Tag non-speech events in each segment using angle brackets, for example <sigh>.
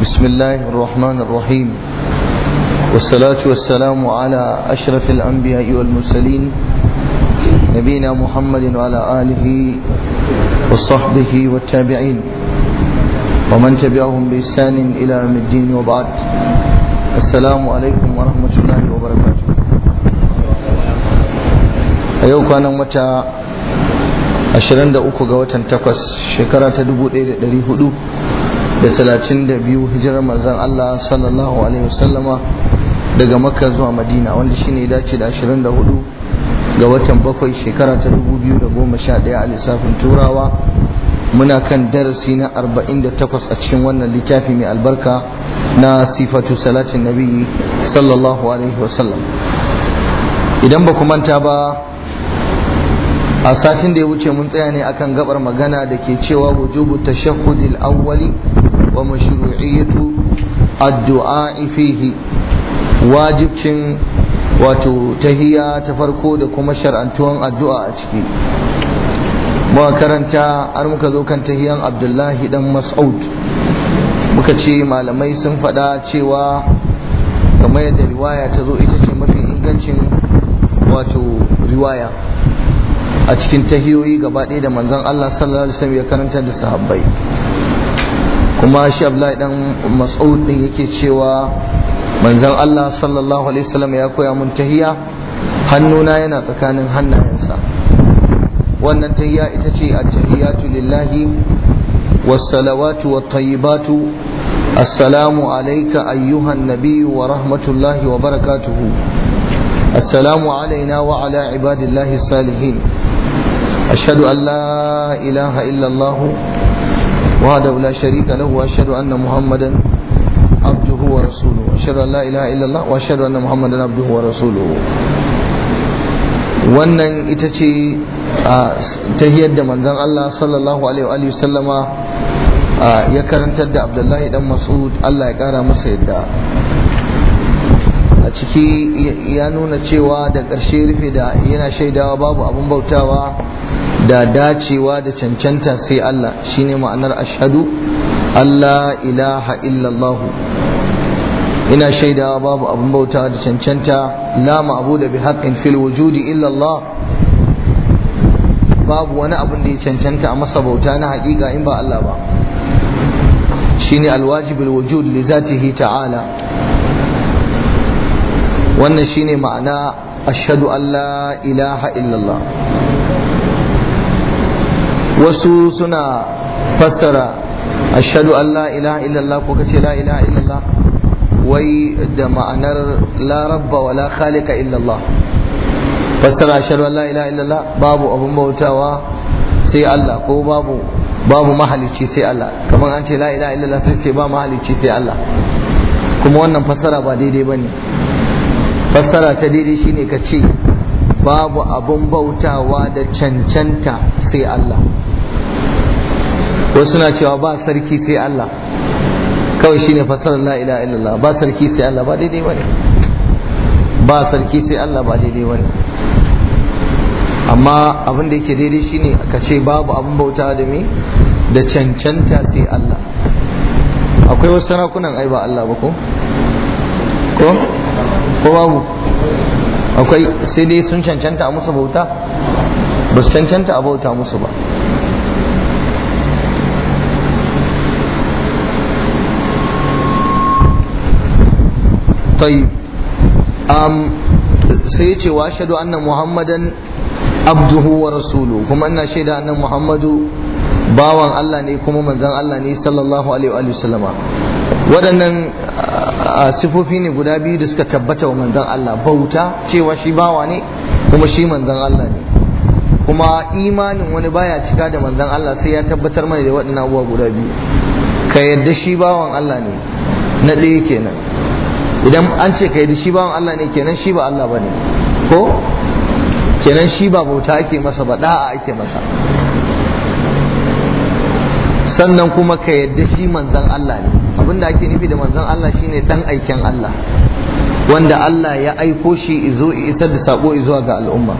بسم الله الرحمن الرحيم والصلاة والسلام على أشرف الأنبياء والمرسلين نبينا محمد وعلى آله وصحبه والتابعين ومن تبعهم بإحسان إلى يوم الدين وبعد السلام عليكم ورحمة الله وبركاته أيوة كان متى 23 ga watan 8 shekara ta 1400 da talatin da biyu hijirar mazan Allah sallallahu alaihi wasallama daga makka zuwa madina wanda shine ya dace da 24 ga watan bakwai shekara ta 2011 a lissafin turawa muna kan darasi na 48 a cikin wannan littafi mai albarka na sifatu salatin nabi sallallahu alaihi wasallam idan ba ku manta ba a satin da ya wuce mun tsaya ne akan gabar magana da ke cewa wujubu shahudil awwali wa mashru'iyyatu addu'a fihi wajibcin wato tahiyya ta farko da kuma shar'antuwan addu'a a ciki muka karanta har muka zo kan tahiyan abdullahi dan mas'ud muka ce malamai sun faɗa cewa kamar yadda riwaya ta zo ita ce mafi ingancin wato riwaya a cikin tahiyoyi gabaɗaya da manzan Allah sallallahu alaihi wasallam ya karanta da sahabbai kuma shi abla dan Mas'ud yake cewa manzan Allah sallallahu alaihi wasallam ya koya mun tahiya hannuna yana tsakanin hannayensa wannan tahiya ita ce a tahiyatu lillahi wasalawatu salawatu tayyibatu ayyuhan nabiyyu wa rahmatullahi wa barakatuhu assalamu alaina wa ala ibadillahi salihin أشهد أن لا إله إلا الله وحده لا شريك له وأشهد أن محمدا عبده ورسوله أشهد أن لا إله إلا الله وأشهد أن محمدا عبده ورسوله wannan ita ce ta yadda manzon Allah sallallahu alaihi ya karantar da Abdullahi dan Mas'ud Allah ya kara masa yadda a ciki ya nuna cewa da ƙarshe rufe da yana shaidawa babu abin bautawa da dacewa da cancanta sai Allah shine ma'anar ashadu Allah ilaha illallah ina shaidawa babu abin bautawa da cancanta la ma'budu bi haqqin fil wujudi illallah babu wani abin da ya cancanta a masa bauta na haƙiƙa in ba Allah ba shine alwajibul wujud li zatihi ta'ala wannan shine ma'ana ashadu allah la ilaha illallah wasu suna fassara ashadu allah la ilaha illallah ko kace la ilaha illallah wai da ma'anar la rabba wa la khalika illallah fassara ashadu allah la ilaha illallah babu abun bautawa sai Allah ko babu babu mahalicci sai Allah kamar an ce la ilaha illallah sai sai ba mahalicci sai Allah kuma wannan fassara ba daidai bane fassara ta daidai shine ka ce babu abun bautawa da cancanta sai Allah wasu na cewa ba sarki sai Allah kawai shine fassara la ila illallah ba sarki sai Allah ba daidai bane ba sarki sai Allah ba daidai bane amma abin da yake daidai shine ka ce babu abun bautawa da me da cancanta sai Allah akwai wasu sarakunan ai ba Allah ba ko ko ko babu akwai sai dai sun cancanta a musu bauta ba su cancanta a bauta musu ba sai ce wa shaɗu annan muhammadan abduhu wa rasulu kuma ina shaida annan muhammadu bawan Allah ne kuma manzan Allah ne sallallahu alaihi wa sallama waɗannan sifofi ne guda biyu da suka tabbata wa manzan Allah bauta cewa shi bawa ne kuma shi manzan Allah ne kuma imanin wani baya cika da manzan Allah sai ya tabbatar mana da waɗannan abubuwa guda biyu ka yadda shi bawan Allah ne na ɗaya kenan idan an ce ka yadda shi bawan Allah ne kenan shi ba Allah ba ne, ko kenan shi ba bauta ake masa ba da'a ake masa sannan kuma ka yadda shi manzan Allah ne abinda ake nufi da manzan Allah shine dan aikin Allah wanda Allah ya aiko shi izo isar da sako zuwa ga al'umma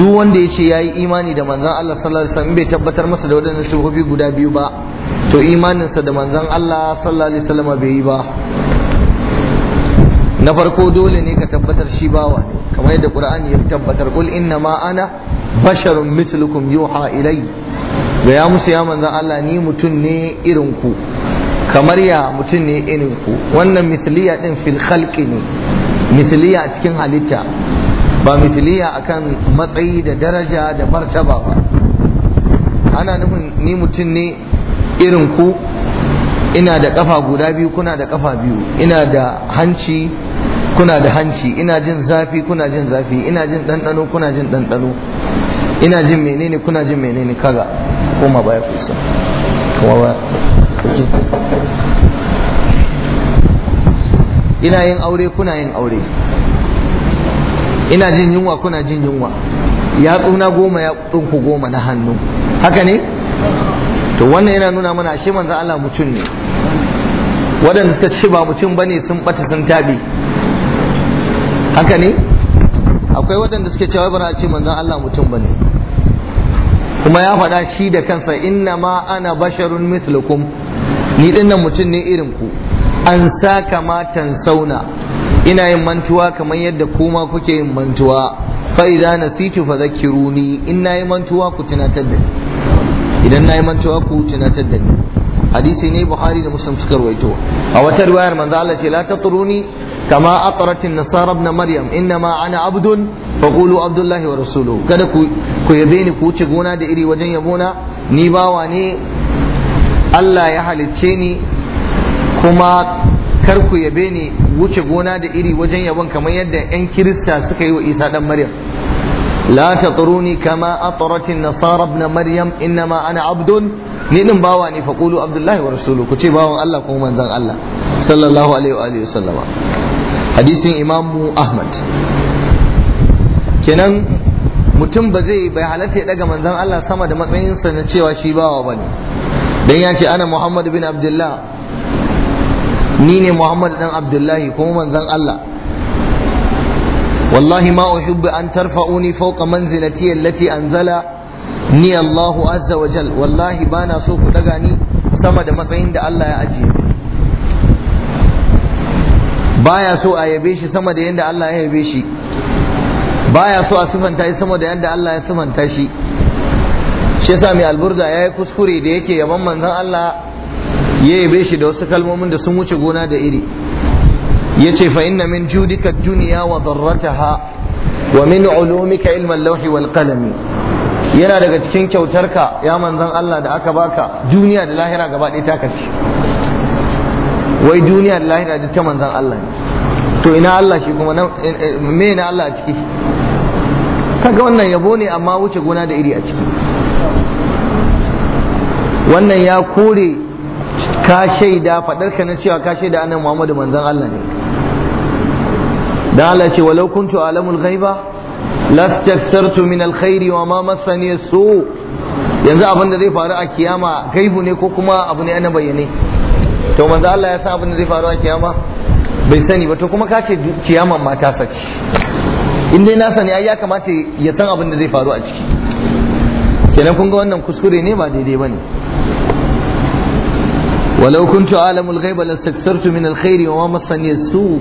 duk wanda ya ce ya yi imani da manzan Allah sallallahu alaihi wasallam bai tabbatar masa da waɗannan shugabi guda biyu ba to imaninsa da manzan Allah sallallahu alaihi wasallam bai yi ba na farko dole ne ka tabbatar shi bawa ne kamar yadda Qur'ani ya tabbatar kul inna ma ana basharun mislukum yuha ilayya gaya musu ya manzan Allah ni mutum ne irin ku kamar ya mutum ne irin ku wannan misliya din fil khalqi ne misliya cikin halitta ba misliya akan matsayi da daraja da martaba ba ana nufin ni mutum ne irin ku ina da kafa guda biyu kuna da kafa biyu ina da hanci kuna da hanci ina jin zafi kuna jin zafi ina jin ɗanɗano kuna jin ɗanɗano ina jin menene kuna jin menene kaga koma baya ku isa kuma ba ina yin aure kuna yin aure ina jin yunwa kuna jin yunwa ya tsuna goma ya tsunku goma na hannu haka ne to wannan yana nuna mana ashe manzo Allah mutum ne waɗanda suka ce ba mutum bane sun ɓata sun tabi haka ne akwai waɗanda suke cewa bana a ce manzon Allah mutum bane kuma ya faɗa shi da kansa inna ma ana basharun mislukum ni dinnan mutum ne irin ku an sa kamatan sauna ina yin mantuwa kamar yadda kuma kuke yin mantuwa Fa'iza na idza nasitu fadhakkiruni in na yi mantuwa ku tunatar da ni idan yi mantuwa ku tunatar da ni hadisi ne Buhari da muslim suka ruwaito. a wata ruwayar manzo Allah ce la tatruni kama aqratin nasara ibn maryam innama ana abdun faqulu abdullahi wa rasuluhu kada ku ku yabe ni ku wuce gona da iri wajen yabona ni bawa ne Allah ya halicce ni kuma kar ku yabe ni wuce gona da iri wajen yabon kamar yadda yan kirista suka yi wa Isa dan Maryam la taqruni kama atrat an-nasara ibn maryam innama ana abdun ni din bawa ne faqulu abdullahi wa rasuluhu ku ce bawan Allah ko manzon Allah sallallahu alaihi wa alihi wasallama hadisin imamu ahmad kenan mutum ba zai bai halatta ya daga manzan Allah sama da matsayinsa na cewa shi bawa ba ne don ya ce ana muhammad bin abdullah ni ne muhammad dan abdullahi kuma manzan Allah wallahi ma uhibbu an tarfa'uni fawqa manzilati allati anzala ni Allahu azza wa jal wallahi bana so ku daga ni sama da matsayin da Allah ya ajiye baya so a yabe shi sama da yadda Allah ya yabe shi baya so a sifanta shi sama da yadda Allah ya sifanta shi shi yasa mai alburda yayi kuskure da yake yaban manzon Allah ya yabe shi da wasu kalmomin da sun wuce gona da iri yace fa inna min judika dunya wa darrataha wa min ulumika ilma al-lawh wal qalam yana daga cikin kyautarka ya manzon Allah da aka baka duniya da lahira gaba ɗaya ta kace wai duniya da lahira duk ta manzan Allah ne to ina Allah shi kuma me na Allah a ciki kaga wannan yabo ne amma wuce gona da iri a ciki wannan ya kore ka shaida faɗar ka na cewa ka shaida annan Muhammadu manzan Allah ne dan Allah ce walau kuntu alamul ghaiba lastaksartu min alkhairi wa ma masani su yanzu abin da zai faru a kiyama gaibu ne ko kuma abu ne ana bayyane to manzo Allah ya san abin da zai faru a kiyama bai sani ba to kuma ka ce kiyaman ma ta sace in dai na sani ai ya kamata ya san abin da zai faru a ciki kenan kun ga wannan kuskure ne ba daidai bane ولو كنت أعلم الغيب لاستكثرت من الخير وما مسني السوء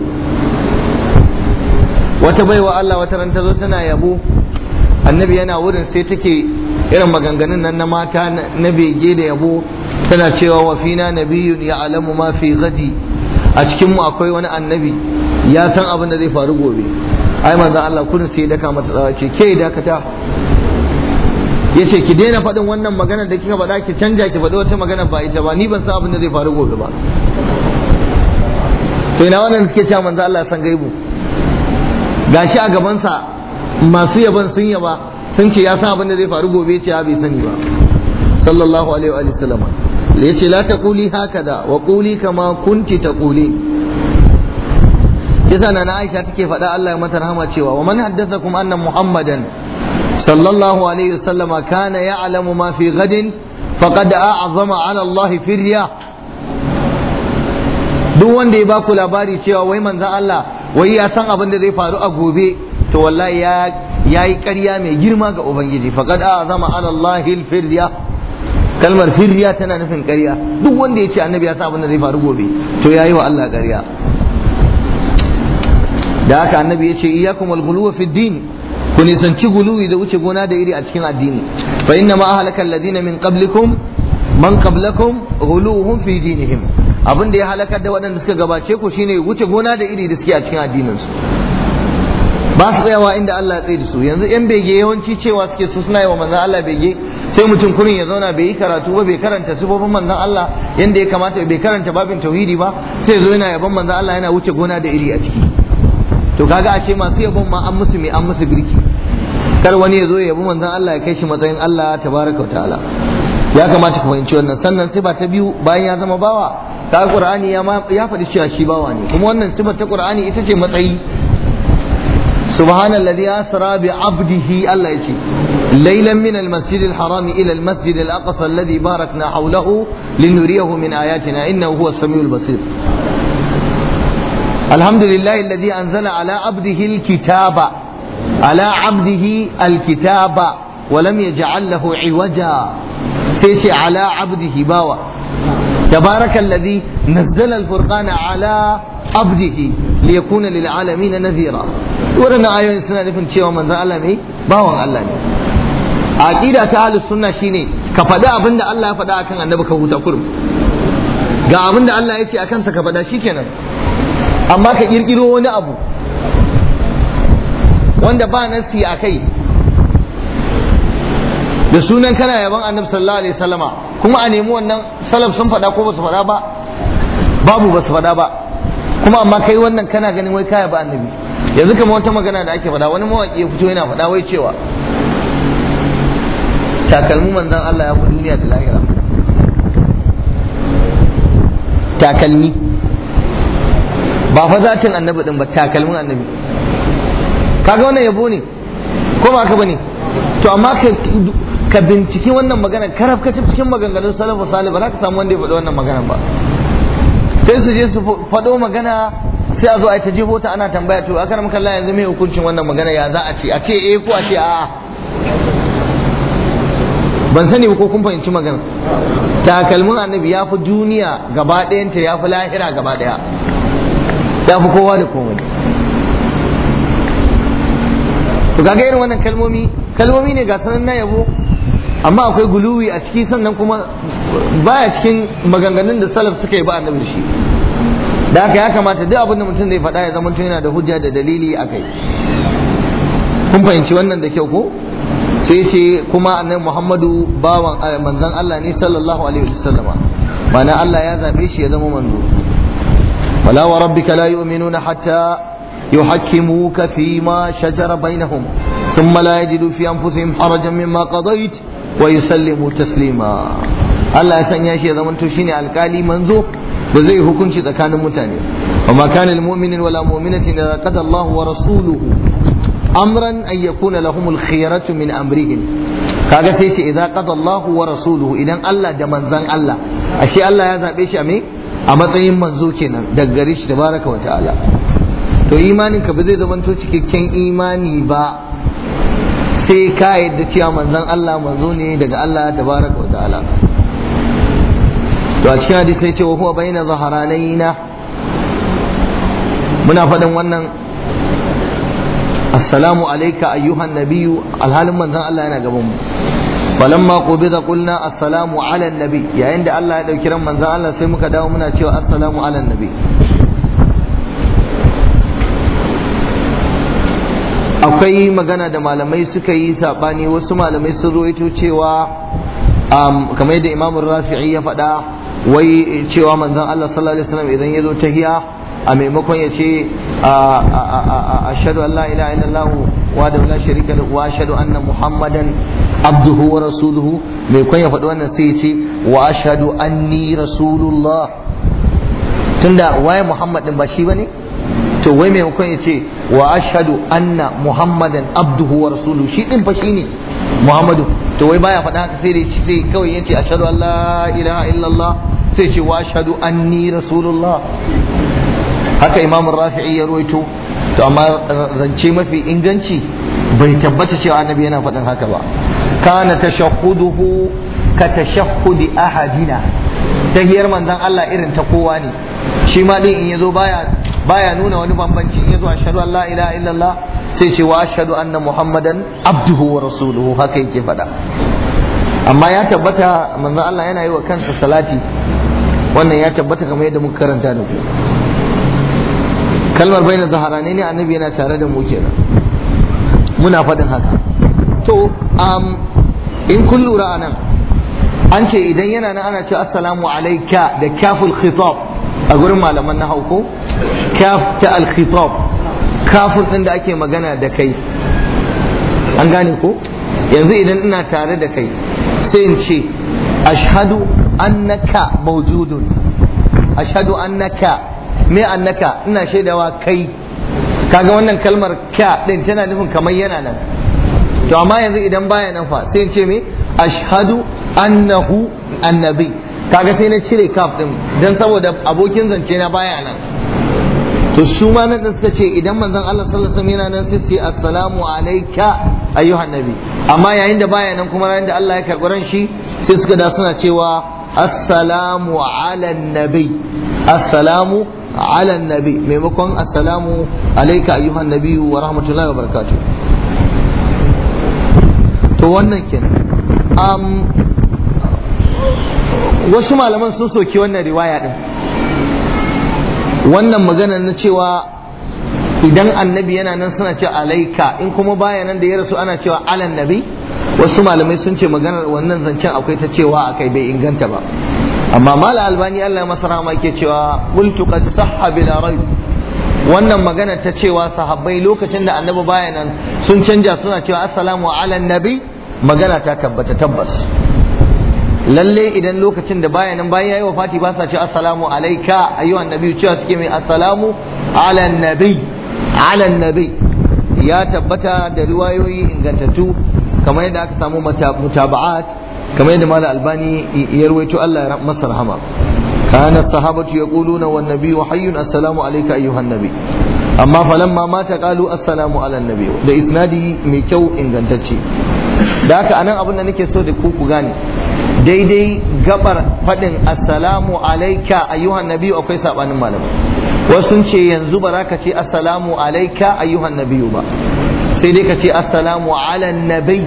Wata الله وترنتزو Tana yabo annabi yana wurin sai take irin maganganun nan na mata na bege da yabo tana cewa wa fina ya alamu ma fi gadi a cikinmu akwai wani annabi ya san abin da zai faru gobe ai manzo Allah kun sai daka mata tsawa ce ke dakata yace ki daina faɗin wannan magana da kika faɗa ki canja ki faɗi wata magana ba ita ba ni ban san abin da zai faru gobe ba to ina wannan suke cewa manzo Allah san gaibu gashi a gabansa masu yaban sun yaba sun ce ya san abin da zai faru gobe ce ya ah, bai sani ba sallallahu alaihi wa sallama ce la haka da, wa quli kama kunti ƙuli? yasa na Aisha take faɗa Allah ya mata rahama cewa wa man kuma Annan muhammadan sallallahu alaihi wa sallama kana ya'lamu ma fi ghadin a a'zama ala Allah firya duk wanda ya baku labari cewa wai manzon Allah wai ya san abin da zai faru a gobe to wallahi ya yayi ƙarya mai girma ga ubangiji a a'zama ala Allah firya kalmar firriya tana nufin ƙarya duk wanda ya ce annabi ya sa abin da zai faru gobe to ya yi wa Allah ƙarya da haka annabi ya ce iya kuma ghuluwa fi din ku nisanci guluwi da wuce gona da iri a cikin addini fa inna ma halakar Ladinamin min qablikum man qablakum ghuluhum fi dinihim abin da ya halakar da waɗanda suka gabace ku shine wuce gona da iri da suke a cikin addininsu. ba su tsayawa inda Allah ya tsaye da su yanzu yan bege yawanci cewa suke su suna yi wa manzon Allah bege sai mutum kurin ya zauna bai yi karatu ba bai karanta sifofin manzon Allah yanda ya kamata bai karanta babin tauhidi ba sai zo yana yaban manzon Allah yana wuce gona da iri a ciki to kaga ashe masu yabon ma an musu mai an musu girki kar wani ya zo ya yabi manzon Allah ya kai shi matsayin Allah tabaraka wa ta'ala ya kamata ku fahimci wannan sannan sifa ta biyu bayan ya zama bawa ta qur'ani ya ya faɗi cewa shi bawa ne kuma wannan sifa ta qur'ani ita ce matsayi subhanalladhi asra bi abdihi Allah ya ce ليلا من المسجد الحرام إلى المسجد الأقصى الذي باركنا حوله لنريه من آياتنا إنه هو السميع البصير الحمد لله الذي أنزل على عبده الكتاب على عبده الكتاب ولم يجعل له عوجا سيشي على عبده باوة تبارك الذي نزل الفرقان على عبده ليكون للعالمين نذيرا ورنا آيوين سنة نفن شيئا من ذا ألمي باوة ألمي aqida ta ahli sunna shine ka faɗi abin da Allah ya faɗa akan annabi ka huta kurum ga abin da Allah ya ce akan sa ka faɗa shikenan amma ka kirkiro wani abu wanda ba nasi a kai da sunan kana yaban annabi sallallahu alaihi wasallama kuma a nemi wannan salaf sun faɗa ko ba su faɗa ba babu ba su faɗa ba kuma amma kai wannan kana ganin wai kaya ba annabi yanzu kamar wata magana da ake faɗa wani mawaƙi ya fito yana faɗa wai cewa takalmi manzan Allah ya fi duniya da lahira takalmi ba fa zatin annabi din ba takalmin annabi kaga wannan yabo ne ko ba ka bane to amma ka binciki wannan magana karaf ka cikin maganganun salafu salih ba za ka samu wanda ya faɗi wannan magana ba sai su je su faɗo magana sai a zo a ta jefo ta ana tambaya to akar maka Allah yanzu mai hukuncin wannan magana ya za a ce a ce eh ko a ce a'a ban sani ko kun fahimci magana takalmin annabi ya fi duniya gaba ɗayanta ya fi lahira gaba ɗaya ya fi kowa da komai to kaga irin wannan kalmomi kalmomi ne ga sanan na yabo amma akwai guluwi a ciki sannan kuma baya cikin maganganun da salaf suka yi ba annabi shi da haka ya kamata duk abin da mutum zai faɗa ya zama yana da hujja da dalili akai kun fahimci wannan da kyau ko sai ce kuma annabi Muhammadu bawan eh, manzon Allah ne sallallahu alaihi wasallama mana Allah ya zabe shi ya zama manzo wala wa rabbika la yu'minuna hatta yuhakkimuka fi ma shajara bainahum thumma la yajidu fi anfusihim harajan mimma qadait wa yusallimu taslima Allah ya sanya shi ya zama to shine alkali manzo da zai hukunci tsakanin mutane amma kana almu'minin wala mu'minatin idza qada Allahu wa rasuluhu amran an yakuna lahumul khiyaratu min amrihim kaga sai ce idza qada Allahu wa rasuluhu idan Allah da manzan Allah ashe Allah ya zabe shi a me a matsayin manzo kenan daga gare shi tabaraka wa ta'ala to imanin ka ba zai to cikakken imani ba sai ka yadda cewa manzon Allah manzo ne daga Allah tabaraka wa ta'ala to a cikin hadisi sai ce wa huwa baina zaharanaina muna faɗin wannan assalamu alaika ayyuhan nabiyyu alhalin manzon Allah yana gaban mu falamma qubida qulna assalamu ala nabi yayin da Allah ya dauki ran manzon Allah sai muka dawo muna cewa assalamu ala nabi akwai magana da malamai suka yi sabani wasu malamai sun ruwaito cewa um, kamar yadda imamu rafi'i ya faɗa wai cewa manzon Allah sallallahu alaihi wasallam idan ya zo tahiya a maimakon ya ce أشهد أن لا إله إلا الله وحده لا شريك له وأشهد أن محمدا عبده ورسوله ميكون يفدو أن سيتي وأشهد أني رسول الله تندا واي محمد بشي to wai mai hukun ya ce wa ashadu anna muhammadan abduhu wa rasuluhu shi din fa ne muhammadu to wai baya faɗa haka sai sai kawai ya ce ashadu an la ilaha illallah sai ce wa ashadu anni rasulullah haka imamu rafi'i ya ruwaito to amma eh, zance mafi inganci bai tabbata cewa annabi yana faɗin haka ba kana tashahhuduhu ka tashahhudi ahadina tahiyar manzon Allah irin ta kowa ne shi ma din in yazo baya baya nuna wani bambanci in yazo ashhadu an la ilaha illallah sai ce wa ashhadu anna muhammadan abduhu wa rasuluhu haka yake faɗa amma ya tabbata manzon Allah yana yi wa kansa salati wannan ya tabbata kamar yadda muka karanta da ku kalmar baina zahara ne ne annabi yana tare da mu kenan muna faɗin haka to um, in kun lura anan an ce idan yana nan ana ce assalamu alaika da kaful khitab a gurin malaman na hauko kaf ta al kafin din da ake magana da kai an gane ko yanzu idan ina tare da kai sai in ce ashhadu annaka mawjudun ashhadu annaka me annaka ina shaidawa kai kaga wannan kalmar ka din tana nufin kamar yana nan to amma yanzu idan baya nan fa sai in ce me ashhadu annahu annabi kaga sai na cire kaf din dan saboda abokin zance na baya nan to su ma nan suka ce idan manzon Allah sallallahu alaihi wasallam yana nan sai assalamu alayka ayyuhan nabi amma yayin da baya nan kuma yayin da Allah ya karɓi shi sai suka da suna cewa assalamu ala nabi assalamu ala nabi maimakon assalamu alaika ayyuhan nabi wa rahmatullahi wa barakatuh to wannan kenan um, wasu malaman sun soki wannan riwaya din wannan magana na cewa idan annabi yana nan suna cewa alaika in kuma baya nan da ya rasu ana cewa alan nabi wasu malamai sun ce maganar wannan zancen akwai ta cewa akai bai inganta ba amma mala albani Allah masa rahama yake cewa qultu qad sahha bila rayb wannan magana ta cewa sahabbai lokacin da annabi baya sun canja suna cewa assalamu ala nabi magana ta tabbata tabbas lalle idan lokacin da baya nan bayan yayi wafati ba sa ce assalamu alayka ayyuhan nabi cewa suke mai assalamu ala nabi ala nabi ya tabbata da riwayoyi ingantattu kamar yadda aka samu mutaba'at kamar yadda malam albani ya ruwaito Allah ya masa rahama kana sahabatu yaquluna wan nabiyyu hayyun assalamu alayka ayyuhan nabi amma falamma mata qalu assalamu ala nabi da isnadi mai kyau ingantacce da haka anan abin da nake so da ku ku gane daidai gabar fadin assalamu alayka ayyuhan nabi akwai sabanin malamai wasu sun ce yanzu ba za ka ce assalamu alayka ayyuhan nabi ba sai dai ka ce assalamu ala nabi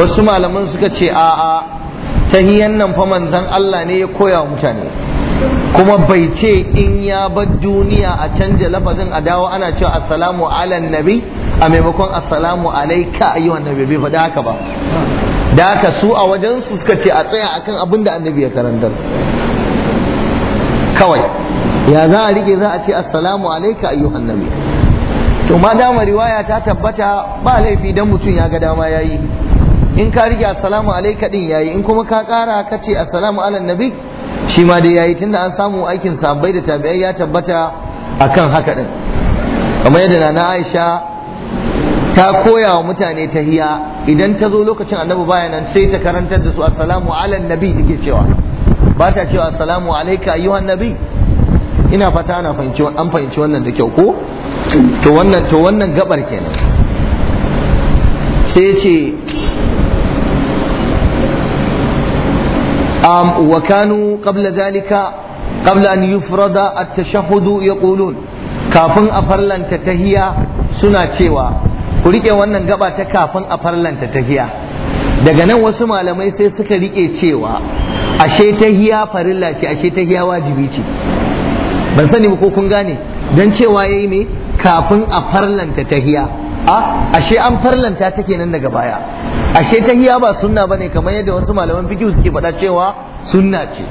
wasu malaman suka ce a'a hiyan nan fa manzon Allah ne ya koya wa mutane kuma bai ce in ya bar duniya a canja lafazin a dawo ana cewa assalamu ala nabi a maimakon assalamu alaika ayyuhan nabi bai faɗi haka ba da haka su a wajen su suka ce a tsaya akan abin da annabi ya karantar kawai ya za a rike za a ce assalamu alaika ayyuhan nabi to ma dama riwaya ta tabbata ba laifi dan mutum ya ga dama yayi in ka rike assalamu alayka din yayi in kuma ka kara ka ce assalamu ala nabi shi ma dai yayi tunda an samu aikin sahabbai da tabi'ai ya tabbata akan haka din kamar yadda nana Aisha ta koya wa mutane tahiya idan ta zo lokacin annabi baya nan sai ta karantar da su assalamu ala nabi take cewa ba ta cewa assalamu alayka ayyuhan nabi ina fata ana fahimci an fahimci wannan da kyau ko to wannan to wannan gabar kenan sai ya ce وكانوا قبل ذلك قبل أن يفرض التشهد يقولون كافن farlanta tahiya suna cewa ku rike wannan gaba ta kafin a farlanta tahiya daga nan wasu malamai sai suka rike cewa ashe tahiya farilla ce ashe tahiya wajibi ce ban sani ba ko kun gane don cewa yayi mai kafin a farlanta tahiya a ashe an farlanta ta kenan daga baya ashe ta tahiya ba sunna bane kamar yadda wasu malaman fiqh suke faɗa cewa sunna ce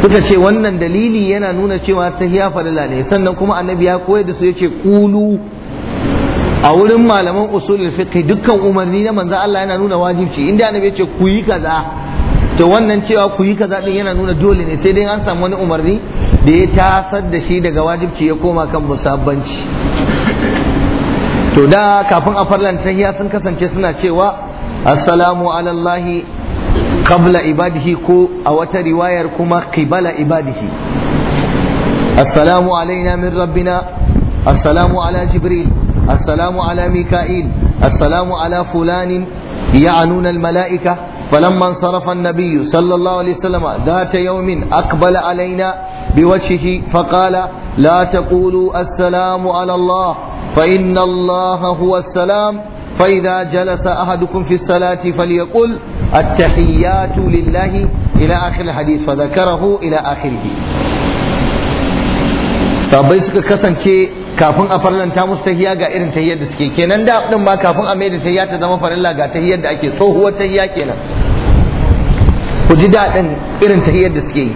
suka ce wannan dalili yana nuna cewa ta hiya falala ne sannan kuma annabi ya koyar da su yace qulu a wurin malaman usulul fiqh dukkan umarni na manzo Allah yana nuna wajibci inda annabi yace ku yi kaza to wannan cewa ku yi kaza din yana nuna dole ne sai dai an samu wani umarni da ya tasar da shi daga wajibci ya koma kan musabbanci to da kafin a farlanta tahiya sun kasance suna cewa assalamu alallahi qabla ibadihi ko a wata riwayar kuma qibala ibadihi assalamu alaina min rabbina assalamu ala jibril assalamu ala mika'il assalamu ala fulanin ya'anuna almala'ika فلما انصرف النبي صلى الله عليه وسلم ذات يوم أقبل علينا بوجهه فقال لا تقولوا السلام على الله فإن الله هو السلام فإذا جلس أحدكم في الصلاة فليقل التحيات لله إلى آخر الحديث فذكره إلى آخره sabai suka kasance kafin a farlanta musu tahiya ga irin tahiyar da suke kenan da din ma kafin a maida tahiya ta zama farilla ga tahiyar da ake tsohuwar tahiya kenan ku ji daɗin irin tahiyar da suke yi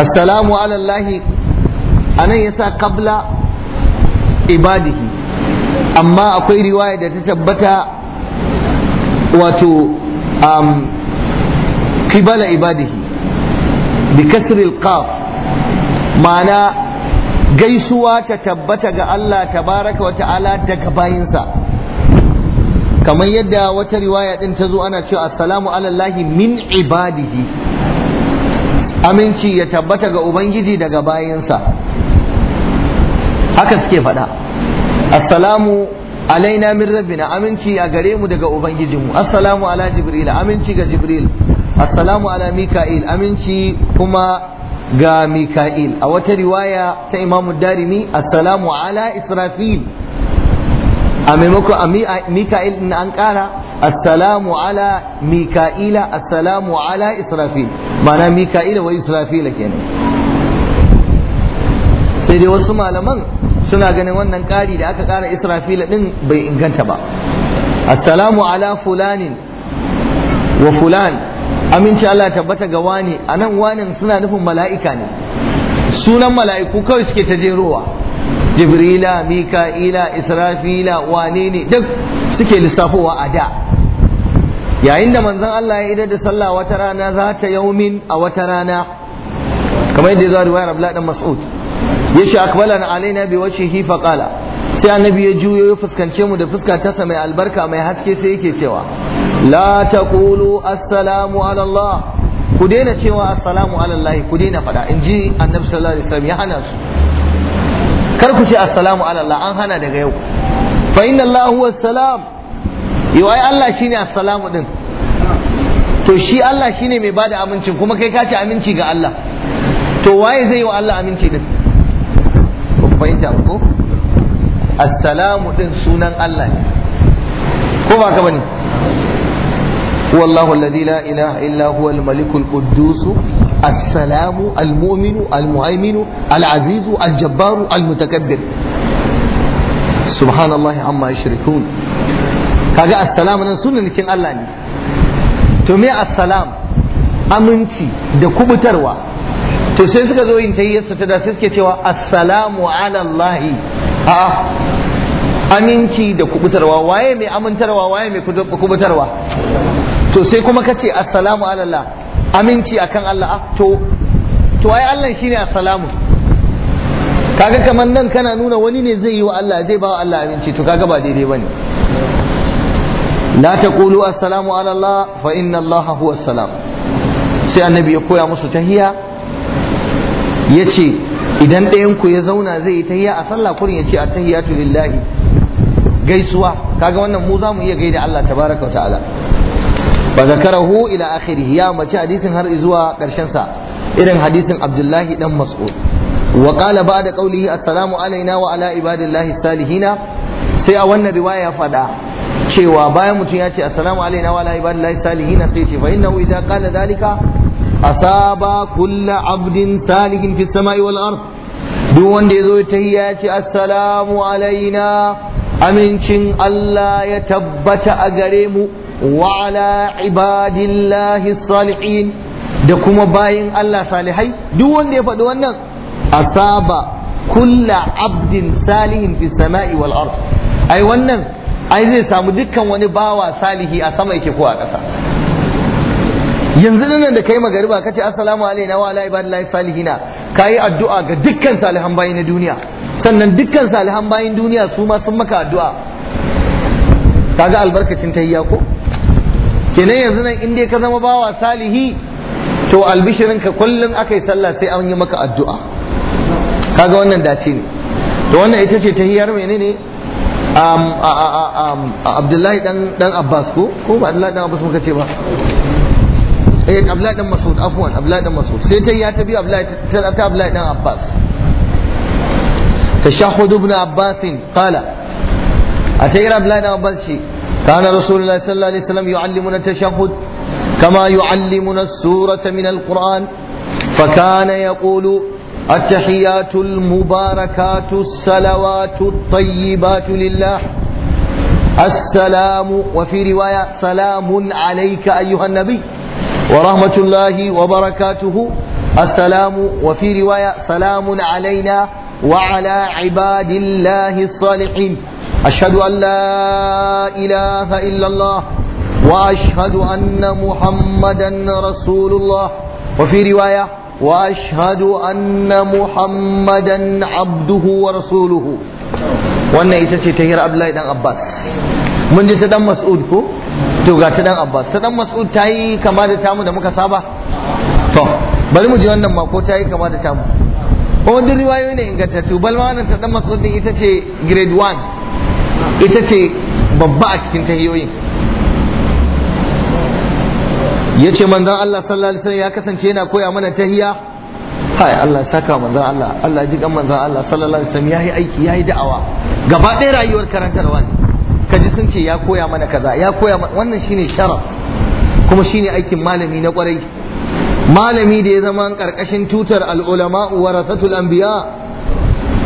assalamu alallahi anan yasa qabla ibadihi amma akwai riwaya da ta tabbata wato um, kibala ibadihi bi kasril qaf ma'ana gaisuwa ta tabbata ga Allah tabaraka wa ta'ala daga bayinsa kamar yadda wata riwaya din ta zo ana cewa assalamu alallahi min ibadihi aminci ya tabbata ga ubangiji daga bayansa. haka suke faɗa assalamu alaina min rabbina aminci a gare mu daga ubangijinmu assalamu ala jibril aminci ga jibril assalamu ala mika'il aminci kuma ga mika'il a wata riwaya ta imamu darimi assalamu ala israfil a maimakon a mika'il din an kara assalamu ala mika'ila assalamu ala israfil ma'ana mika'ila wa israfila kenan sai dai wasu malaman suna ganin wannan ƙari da aka ƙara israfila ɗin bai inganta ba assalamu ala fulanin wa fulan aminci Allah tabbata ga wani a nan wanin suna nufin mala'ika ne sunan mala'iku kawai suke ta jerowa jibrila mika'ila israfila wane ne duk suke lissafowa a da yayin da manzon Allah ya idar da sallah wata rana za ta yaumin a wata rana kamar yadda ya zo riwayar abdullahi dan Mas'ud yace aqbalana alaina bi wajhihi fa qala sai annabi ya juyo ya fuskance mu da fuska ta mai albarka mai haske sai yake cewa la taqulu assalamu ala Allah ku daina cewa assalamu ala Allah ku daina fada in ji annabi sallallahu alaihi wasallam ya hana su kar ku ce assalamu ala Allah an hana daga yau fa inna Allah huwa salam yau ai Allah shine assalamu din to shi Allah shine mai bada amincin kuma kai ka ce aminci ga Allah to waye zai yi wa Allah aminci din fahimta ko assalamu din sunan Allah ne ko ba ka bane wallahu alladhi la ilaha illa huwa al-malikul quddus السلام al المهيمن العزيز الجبار المتكبر سبحان الله عما يشركون kaga assalamu nan sunan nikin Allah ne to me assalam aminci da kubutarwa to sai suka zo yin tahiyyar sujada sai suke cewa assalamu ala a aminci da kubutarwa waye mai amintarwa waye mai kubutarwa to sai kuma ce assalamu ala Allah aminci akan Allah to to ai Allah shine assalamu kaga kamar nan kana nuna wani ne zai yi wa Allah zai ba wa Allah aminci to kaga ba daidai bane la taqulu assalamu ala Allah fa inna Allah huwa assalam sai annabi ya koya musu tahiyya ya ce idan ɗayanku ya zauna zai yi tahiya a sallah kurin ya ce a tahiyatu lillahi gaisuwa kaga wannan mu za mu iya gaida Allah tabaraka wa ta'ala ba zakarahu ila akhirih ya mace hadisin har zuwa karshen sa irin hadisin Abdullahi dan Mas'ud wa qala ba'da qawlihi assalamu alaina wa ala ibadillahi salihina sai a wannan riwaya fada cewa bayan mutum ya ce assalamu alaina wa ala ibadillahi salihina sai ce fa innahu idza qala dalika asaba kulla abdin salihin fi samai wal ard duk wanda yazo tahiyya ya ce assalamu alaina amincin Allah ya tabbata a gare mu wa ibadillahi salihin da kuma bayin Allah salihai duk wanda ya faɗi wannan asaba kulla abdin salihin fi sama'i wal wannan ai zai samu dukkan wani bawa salihi a sama yake ko a ƙasa yanzu nan da kai magariba kace assalamu alaina wa ala ibadillahi salihina kai addu'a ga dukkan salihan bayin duniya sannan dukkan salihan bayin duniya su ma sun maka addu'a kaga albarkacin ta iya ko kenan yanzu nan in dai ka zama bawa salihi to albishirin ka kullun akai sallah sai an yi maka addu'a kaga wannan dace ne to wannan ita ce ta hiyar menene Abdullahi dan Abbas ko ko ba Abdullahi dan Abbas muka ce ba eh abdullahi dan mas'ud afwan abdullahi dan mas'ud sai ta ya ta abdullahi ta abdullahi dan abbas tashahhud ibn abbas qala a ta abdullahi dan abbas shi kana rasulullahi sallallahu alaihi wasallam yu'allimuna tashahhud kama yu'allimuna as-surata min al-qur'an فكان يقول التحيات المباركات الصلوات الطيبات لله السلام وفي روايه سلام عليك ايها النبي ورحمة الله وبركاته السلام وفي رواية سلام علينا وعلى عباد الله الصالحين أشهد أن لا إله إلا الله وأشهد أن محمدا رسول الله وفي رواية وأشهد أن محمدا عبده ورسوله wannan ita ce ta hira abdullahi dan abbas mun ji ta dan mas'ud ko to ga ta dan abbas ta dan mas'ud ta yi kama da tamu da muka saba to bari mu ji wannan ma ko ta yi kama da tamu ko wanda riwayo ne ingantattu bal ma wannan ta dan mas'ud din ita ce grade 1 ita ce babba a cikin tahiyoyin yace manzon Allah sallallahu alaihi wasallam ya kasance yana koya mana tahiya hai Allah saka manzon Allah Allah ji kan manzon Allah sallallahu alaihi wasallam yayi aiki yayi da'awa gaba ɗaya rayuwar karantarwa ne Kaji sun ce ya koya mana kaza ya koya mana wannan shine sharaf kuma shine aikin malami na kwarai malami da ya zama karkashin tutar al'ulama rasatul anbiya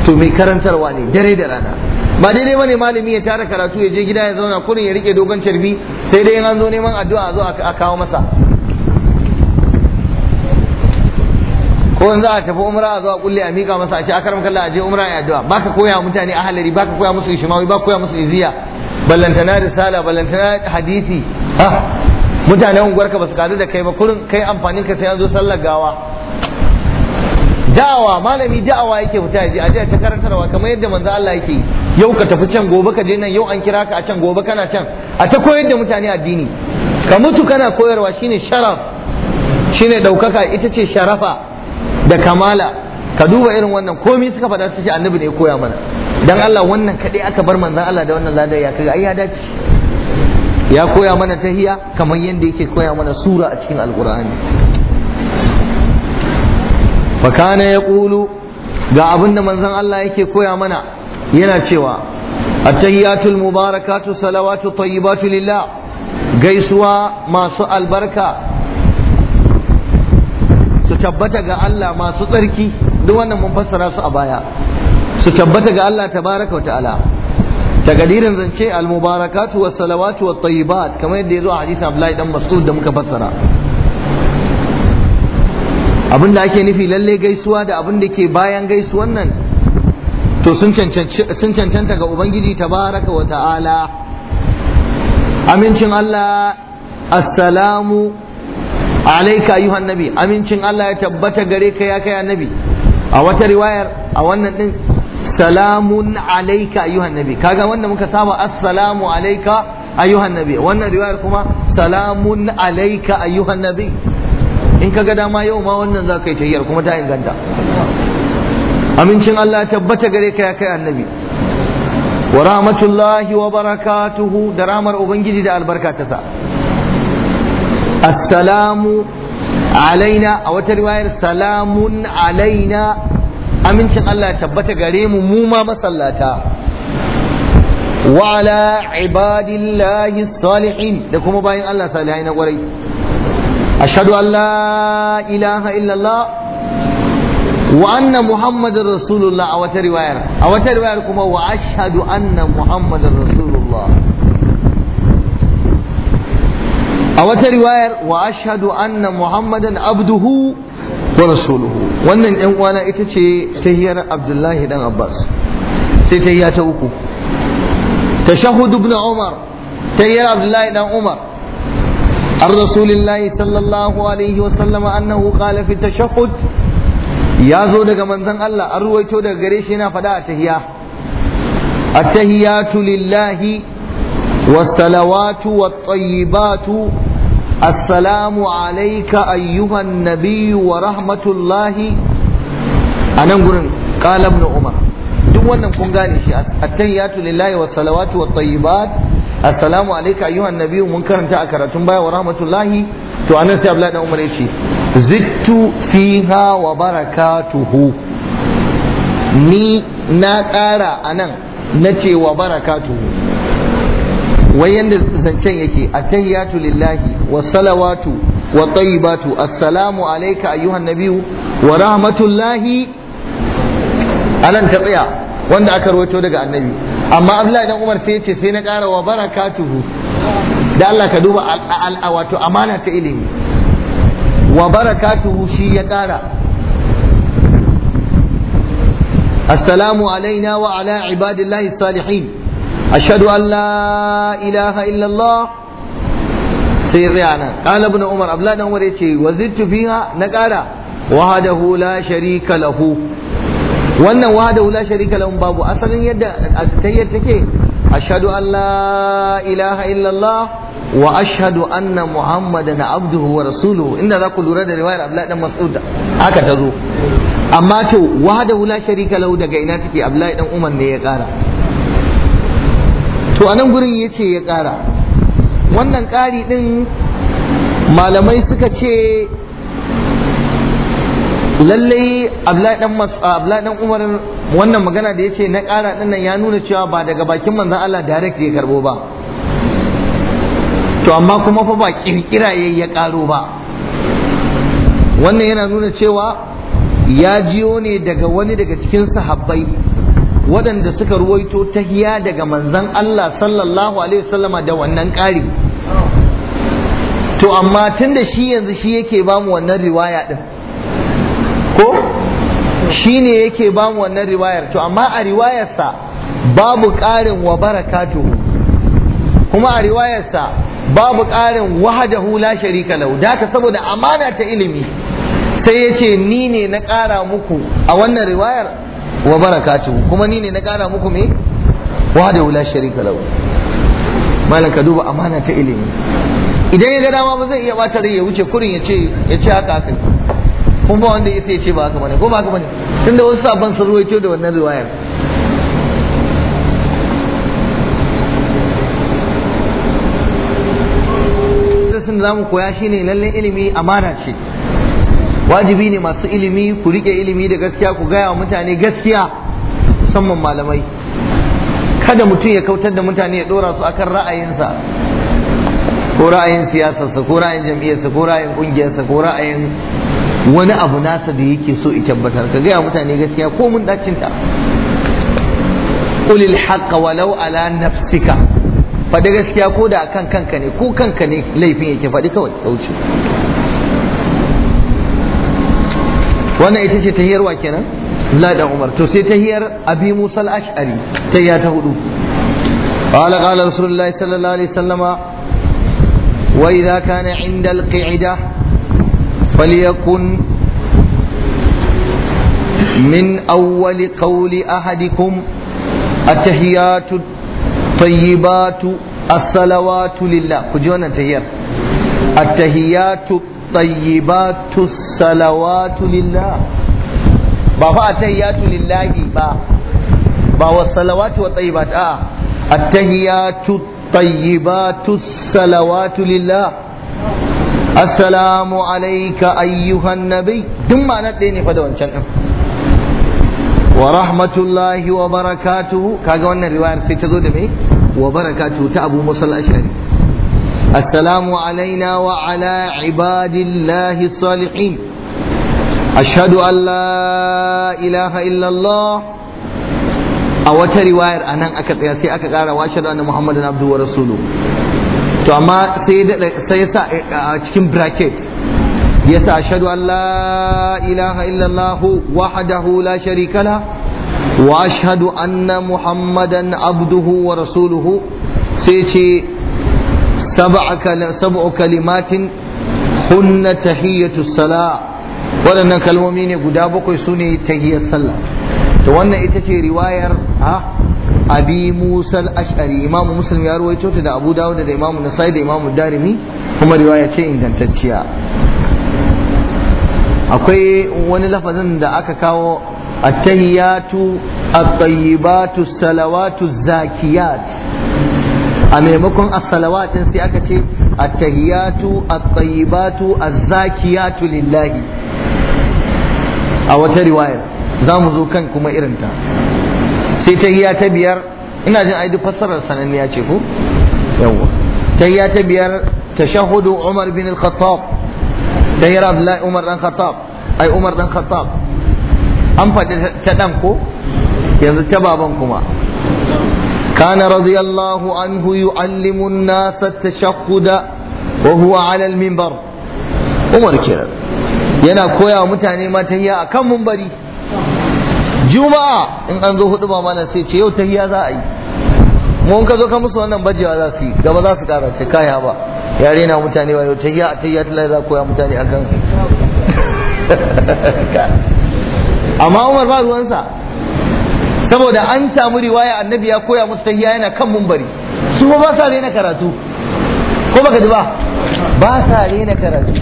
to mai karantarwa ne dare da rana ba daidai bane malami ya tara karatu ya je gida ya zauna kurin ya rike dogon carbi sai dai an zo neman addu'a a zo a kawo masa ko in za a tafi umra a zuwa kulle a mika masa a ce karam kallah a je umra ya addu'a baka koya mutane a halari baka koya musu ishimawi baka koya musu iziya ballantana risala ballantana hadisi mutane ah, mutanen ka basu kadu da kai ba kurin kai amfanin ka sai an zo sallar gawa da'awa malami da'awa yake fita yaje aje ta karantarwa kamar yadda manzo Allah yake yau ka tafi can gobe ka je nan yau an kira ka a can gobe kana can a ta koyar da mutane addini ka mutu kana koyarwa shine sharaf shine daukaka ita ce sharafa da kamala ka duba irin wannan komai suka faɗa su ce annabi ne ya koya mana dan Allah wannan kaɗai aka bar manzan Allah da wannan ladar ya kaga ai ya dace ya koya mana tahiya kamar yadda yake koya mana sura a cikin alkur'ani fa kana yaqulu ga abin da manzan Allah yake koya mana yana cewa at-tahiyatul mubarakatu salawatu tayyibatu lillah gaisuwa masu albarka su tabbata ga Allah masu tsarki duk wannan mun fassara su a baya su tabbata ga Allah tabaraka wa ta'ala takadirin zance al-mubarakatu was salawatu wat tayyibat kamar yadda zo a hadisin Abdullahi dan Mas'ud da muka fassara abin da ake nufi lalle gaisuwa da abin da ke bayan gaisuwan nan to sun cancanta ga ubangiji tabaraka wa ta'ala amincin Allah assalamu alaika ayyuhan nabi amincin Allah ya tabbata gare ka ya kai annabi a wata riwayar a wannan din salamun alaika ayyuhan nabi kaga wanda muka saba assalamu alaika ayyuhan nabi wannan riwayar kuma salamun alaika ayyuhan nabi in kaga dama yau ma wannan za ka yi tayyar kuma ta inganta amincin Allah ya tabbata gare ka ya kai annabi wa rahmatullahi wa barakatuhu da ramar ubangiji da albarka ta sa assalamu alaina a wata riwayar salamun alaina amincin Allah tabbata gare mu mu ma masallata wa ala ibadillahi salihin da kuma bayan Allah salihai na kwarai Ashadu an la ilaha illallah wa anna muhammadar rasulullah a wata riwayar a wata riwayar kuma wa ashhadu anna muhammadar rasulullah wata riwayar wa ashhadu anna muhammadan abduhu wa rasuluhu wannan yan uwana ita ce hiyar abdullahi dan abbas sai ta ta uku tashahhud ibn umar hiyar abdullahi dan umar عن رسول الله صلى الله عليه وسلم daga قال في التشهد يا زودك من ذن الله أرويتو دك غريشنا فدا التهيا التهيات لله والصلوات والطيبات assalamu alaika ayyuhan nabiyyu wa rahmatullahi a nan gurin qala umar duk wannan kun gane shi at-tayyatu lillahi was salawatu wat tayyibat assalamu alayka ayyuhan nabiyyu mun karanta a karatun baya wa rahmatullahi to anan sai Abdullahi dan Umar yace zittu fiha wa barakatuhu ni na ƙara anan nace wa barakatuhu wai yanda zancen yake attahiyatu lillahi wassalawatu wa tayyibatu assalamu alayka ayyuhan nabiyyu wa rahmatullahi anan ta tsaya wanda aka rawaito daga annabi amma Abdullahi dan Umar sai yace sai na ƙara wa barakatuhu da Allah ka duba wato amana ta ilimi wa barakatuhu shi ya ƙara assalamu alaina wa'ala ala ibadillahi salihin أشهد أن لا إله إلا الله سيغيانا قال ابن عمر أبلا wannan wahdahu la lahu babu asalin yadda tayyar take ashhadu illallah wa abduhu wa rasuluhu inda za ku lura da riwayar abdullah dan haka ta zo amma to wahdahu la lahu daga ina take dan umar ne ya kara to a nan gurin ya ce ya ƙara wannan ƙari ɗin malamai suka ce lallai abla dan umar wannan magana da ya ce na ƙara ɗin nan ya nuna cewa ba daga bakin manzan Allah direct ya karɓo ba to amma kuma fa ba ƙirƙira ya ƙaro ba wannan yana nuna cewa ya jiyo ne daga wani daga cikin sahabbai waɗanda suka ruwaito ta hiya daga manzan Allah sallallahu alaihi wasallama da wannan ƙari to amma tun da shi yanzu shi yake bamu wannan riwaya ɗin ko shi ne yake bamu wannan riwayar to amma a riwayarsa babu ƙarin wa barakatuhu kuma a riwayarsa babu ƙarin wahadahu hula sharika lahu da saboda amana ta ilimi sai yace ni ne na ƙara muku a wannan riwayar wa barakatuhu kuma ni ne na kara muku me wahda wala sharika lahu malan ka duba amana ta ilimi idan ya ga dama ba zai iya bata rai ya wuce kurin ya ce ya ce haka haka kun ba wanda ya sai ce ba haka bane ko ba haka bane tunda wasu sabon sun ruwaito da wannan riwayar sun da zamu koya shine lalle ilimi amana ce wajibi ne masu ilimi ku rike ilimi da gaskiya ku gaya wa mutane gaskiya musamman malamai kada mutum ya kautar da mutane ya dora su akan ra'ayinsa ko ra'ayin siyasarsa ko ra'ayin jam'iyyarsa ko ra'ayin kungiyarsa ko ra'ayin wani abu nasa da yake so i tabbatar ka gaya mutane gaskiya ko mun dacin ta qulil haqq walau ala nafsika faɗi gaskiya ko da kan kanka ne ko kanka ne laifin yake faɗi kawai wuce wannan ita ce tahiyar wakenan Allah dan Umar to sai tahiyar abimusal Musa al-Ash'ari tahiya ta hudu qala qala rasulullahi sallallahu falyakun min awwali qawli ahadikum at-tahiyatu at-tayyibatu as-salawatu lillah الطيبات الصلوات لله بابا التحيات لله با با والصلوات والطيبات اه التهيات الطيبات الصلوات لله السلام عليك ايها النبي ثم أنا تيني فدا وانشان ورحمة الله وبركاته كاغا كاغوانا رواية في تدود wa barakatu ta abu musal ashari السلام علينا وعلى عباد الله الصالحين أشهد أن لا إله إلا الله أو رواية أنا أكت يا سي أكت أنا وأشهد أن abdu wa ورسوله to amma sai ya sa a cikin bracket ya sa ashadu an la ilaha illallah wahdahu la sharika la wa ashhadu anna muhammadan abduhu wa rasuluhu sai ce sab'u kalimatin hunna tahiyyatu salah waɗannan kalmomi ne guda bakwai su ne tahiyyar sallah to wannan ita ce riwayar ha abi musa al-ash'ari imamu muslim ya ruwaito ta da abu dawud da imamu nasai da imamu darimi kuma riwaya ce ingantacciya akwai wani lafazin da aka kawo at tahiyatu at-tayyibatu salawatu zakiyat a maimakon as-salawatin sai aka ce at-tahiyatu at-tayyibatu az-zakiyatu lillahi a wata riwayar za mu zo kan kuma irinta sai tahiya ta biyar ina jin ai duk fassarar sananniya ce ko yawa tahiya ta biyar tashahudu Umar bin al-Khattab tahiyar Abdullahi Umar dan Khattab ai Umar dan Khattab an faɗi ta dan ko yanzu ta baban kuma كان رضي الله عنه يعلم الناس التشهد وهو على المنبر عمر كده yana koya wa mutane ma tahiya a kan mumbari juma'a in an zo hudu ba mana sai ce yau tahiya za a yi mun ka zo ka musu wannan bajewa za su yi gaba za su kara ce kaya ba ya rena mutane ba yau tahiya a tahiya ta za koya mutane akan amma umar ba ruwansa saboda an samu riwaya annabi ya koya musu tahiyya yana kan mumbari su ba ba sa rena karatu ko baka ji ba ba sa rena karatu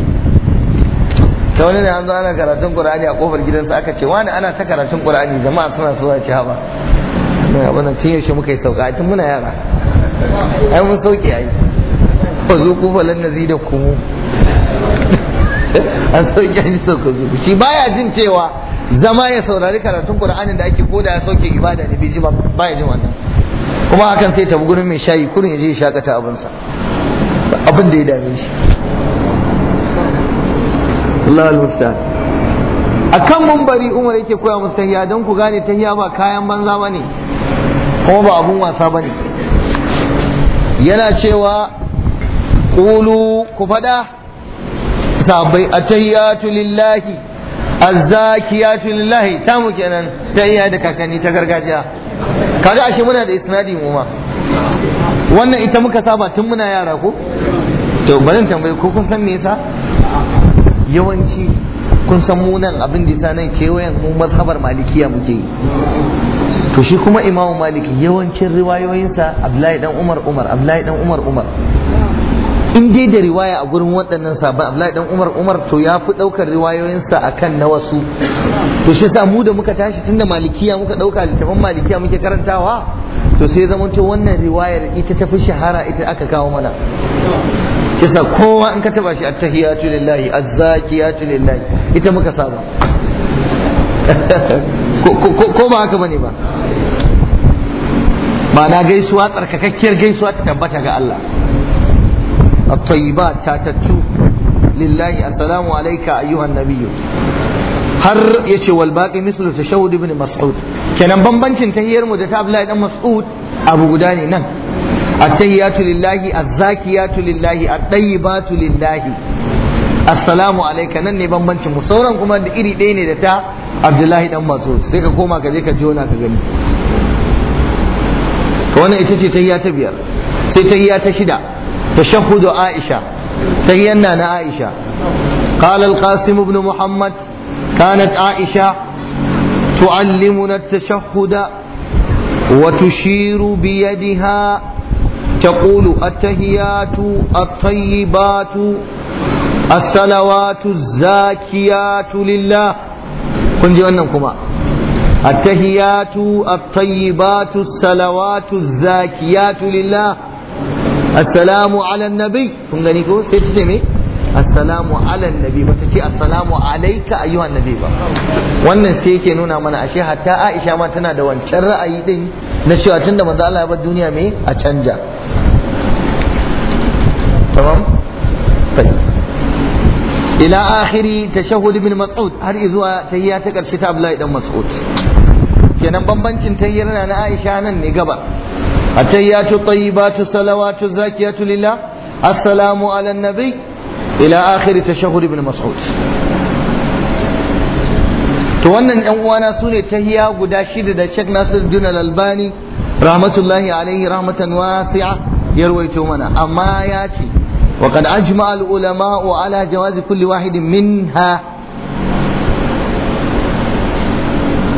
ta wani da an zo ana karatun qur'ani a kofar gidansa aka ce wani ana ta karatun qur'ani jama'a suna so a ci haba na abin cin yaushe muka yi sauka tun muna yara ai mun sauke ai yi. zo ku falan nazi da kumu <laughs> an sauke yi sauka zo shi baya jin cewa zama ya saurari karatun Qur'anin da ake koda ya sauke ibada ne bai ji ba bai ji wannan kuma hakan sai ta gurin mai shayi kurin ya je ya shakata abinsa abin da ya dame shi Allah al-musta'an akan mumbari Umar yake koya musu tahiya don ku gane tahiya ba kayan banza bane kuma ba abun wasa bane yana cewa qulu ku fada sabai at-tahiyatu lillahi azzakiyatu lillahi tamu kenan ta iya da kakanni ta gargajiya Kada ashe muna da isnadi mu wannan ita muka saba tun muna yara ko to bari tambaye ko kun san me yasa yawanci kun san mu nan abin da yasa nan kewayen mu mazhabar malikiya muke yi to shi kuma imamu maliki yawancin riwayoyinsa abdullahi dan umar umar abdullahi dan umar umar in dai da riwaya a gurin waɗannan sahabbai Abdullahi dan Umar Umar to ya fi ɗaukar riwayoyinsa akan na wasu to shi sa mu da muka tashi tunda malikiya muka ɗauka littafin malikiya muke karantawa to sai zama to wannan riwayar ita ta fi shahara ita aka kawo mana kisa kowa in ka taba shi attahiyatu lillahi azzakiyatu lillahi ita muka saba <laughs> ko ba haka bane ba ma'ana gaisuwa tsarkakakkiyar gaisuwa ta tabbata ga Allah الطيبات تاتتو tatattu lillahi عليك أيها ayyuhan har yace wal baqi mislu tashahhud ibn mas'ud kenan bambancin tahiyyar mu da ta Abdullahi dan Mas'ud abu guda ne nan at tahiyatu lillahi az-zakiyatu lillahi at-tayyibatu lillahi assalamu alayka nan ne bambancin mu sauran kuma da iri ɗaya ne da ta Abdullahi dan Mas'ud sai ka koma ka je ka jona ka gani wannan ita ce tahiyya ta biyar sai tahiyya ta shida تشهد عائشة تهينا أنا عائشة قال القاسم بن محمد كانت عائشة تعلمنا التشهد وتشير بيدها تقول التهيات الطيبات الصلوات الزاكيات لله كنت أنكما التهيات الطيبات الصلوات الزاكيات لله assalamu ala nabi kun gani ko sai ta ce me assalamu ala nabi ba ta ce assalamu alaika ayyuhan nabi ba wannan sai yake nuna mana ashe hatta Aisha ma tana da wancan ra'ayi din na cewa tunda manzo Allah ya bar duniya me a canja tamam ila akhiri tashahhud ibn mas'ud har izuwa tahiyya ta karshe ta Abdullahi dan Mas'ud kenan bambancin tahiyyar na Aisha nan ne gaba التيات الطيبات الصلوات الزاكية لله السلام على النبي إلى آخر تشهد ابن مسعود to wannan yan uwana su ne ta hiya guda shida da Sheikh Nasiruddin Al-Albani rahmatullahi alaihi rahmatan wasi'a ya rawaito mana amma ya ce wa qad ajma'a al-ulama'u ala jawazi kulli wahidin minha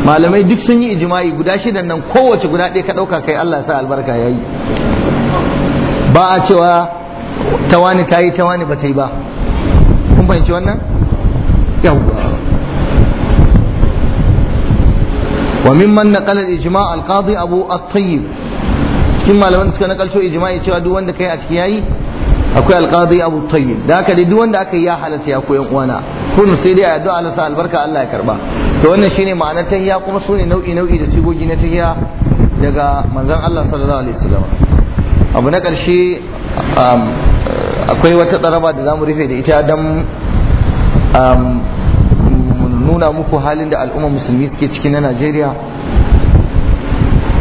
malamai duk sun yi ijimai guda shidan nan kowace guda ɗaya ka ɗauka kai Allah sa albarka ya yi ba a cewa tawani ta yi tawani ba ta yi ba kun fahimci wannan yawwa وممن ijima الاجماع abu a tsayi cikin malaman suka nakalto ijma'i cewa duk wanda kai a ciki yayi akwai alqadi abu tayi da aka dai duwanda aka yi ya halatta ya koyan uwana kun sai dai a Allah alasa albarka Allah ya karba to wannan shine ma'anar ya kuma sune nau'i nau'i da sigogi na tahiyya daga manzan Allah sallallahu alaihi wasallam abu na karshe um, akwai wata tsaraba da zamu rufe da ita dan um, nuna muku halin da al'umma musulmi suke ciki na Najeriya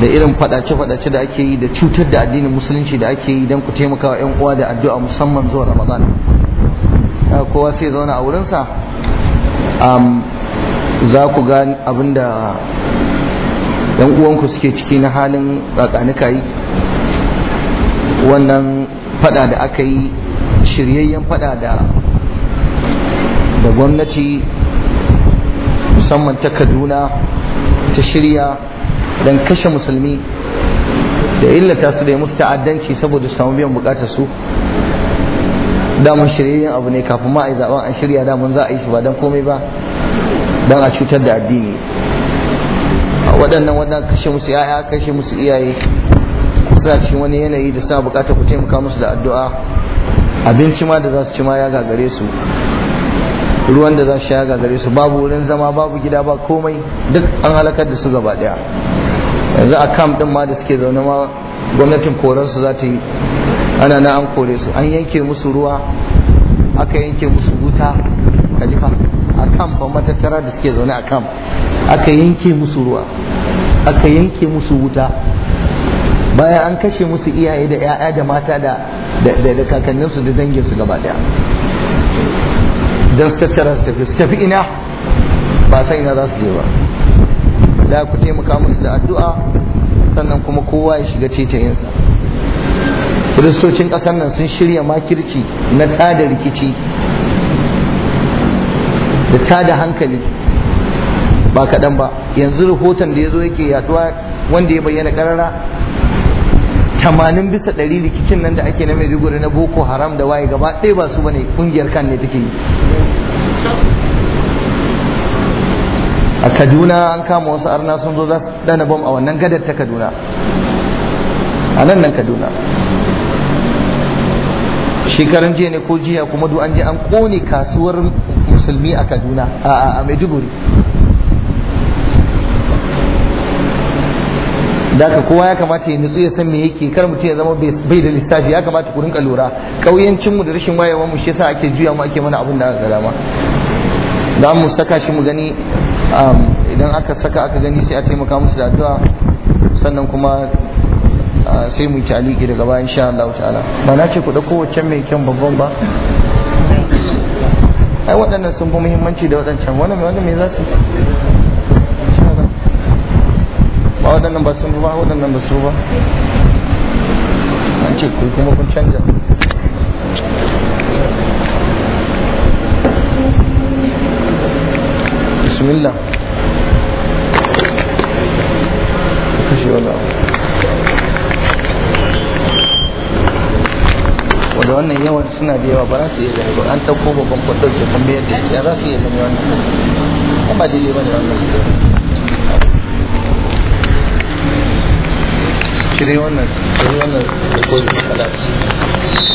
da irin fadace-fadace da ake yi da cutar da addinin musulunci da ake yi don ku taimaka wa 'yan uwa da addu'a musamman zuwa ramadan kowa sai zauna a wurinsa za ku ga abin da 'yan uwanku suke ciki na halin tsakanika yi wannan fada da aka yi shiryayyen fada da gwamnati musamman ta kaduna ta shirya don kashe musulmi da illata su da ya musu ta'addanci saboda samu biyan bukatar su damun shiryayyen abu ne kafin ma a yi zaben an shirya damun za a yi shi ba don komai ba don a cutar da addini waɗannan waɗannan kashe musu yaya kashe musu iyaye suna cikin wani yanayi da sa bukatar ku taimaka musu da addu'a abinci ma da za su ci ma ya gagare su ruwan da za su sha ya gagare su babu wurin zama babu gida ba komai duk an halakar da su gaba ɗaya yanzu a kam din ma da suke zaune ma gwamnatin koransu za ta yi ana na an kore su an yanke musu ruwa aka yanke musu wuta a jifa a kam ba matattara da suke zaune a kam aka yanke musu ruwa aka yanke musu wuta bayan an kashe musu iyaye da 'ya'ya da mata da kakanninsu da danginsu gaba daya don su tattara su tafi ina ba sai ina za su je ba da ku taimaka musu da addu'a sannan kuma kowa ya shiga titayinsa kiristocin ƙasar nan sun shirya makirci na tada rikici da tada hankali ba kaɗan ba yanzu rahoton da ya zo yake yaduwa wanda ya bayyana ƙarara tamanin bisa ɗari rikicin nan da ake na maiduguri na boko haram da waye gaba ɗaya ba su bane ƙungiyar kan ne take yi a kaduna an kama wasu arna sun zo za su dana bom a wannan gadar ta kaduna a nan nan kaduna shekaran jiya ne ko jiya kuma duk an je an kone kasuwar musulmi a kaduna a maiduguri daga kowa ya kamata ya nutsu ya san me yake kar mutum ya zama bai da lissafi ya kamata ku rinka lura ƙauyencinmu da rashin wayewar mu shi yasa ake juya mu ake mana abin da aka gada ma za mu saka shi mu gani idan aka saka aka gani sai a taimaka musu da addu'a sannan kuma sai mu taliki daga baya insha Allah ta'ala ba na ce ku da kowace mai kyan babban ba ai waɗannan sun fi muhimmanci da waɗancan wani mai wanda mai za su ba waɗannan ba sun fi ba waɗannan ba su ba an ce ku kuma kun canja bismillah kashe wannan yawan suna da yawa ba za su ba an babban kwaɗo ke ya za su iya gani wannan ba daidai ba wannan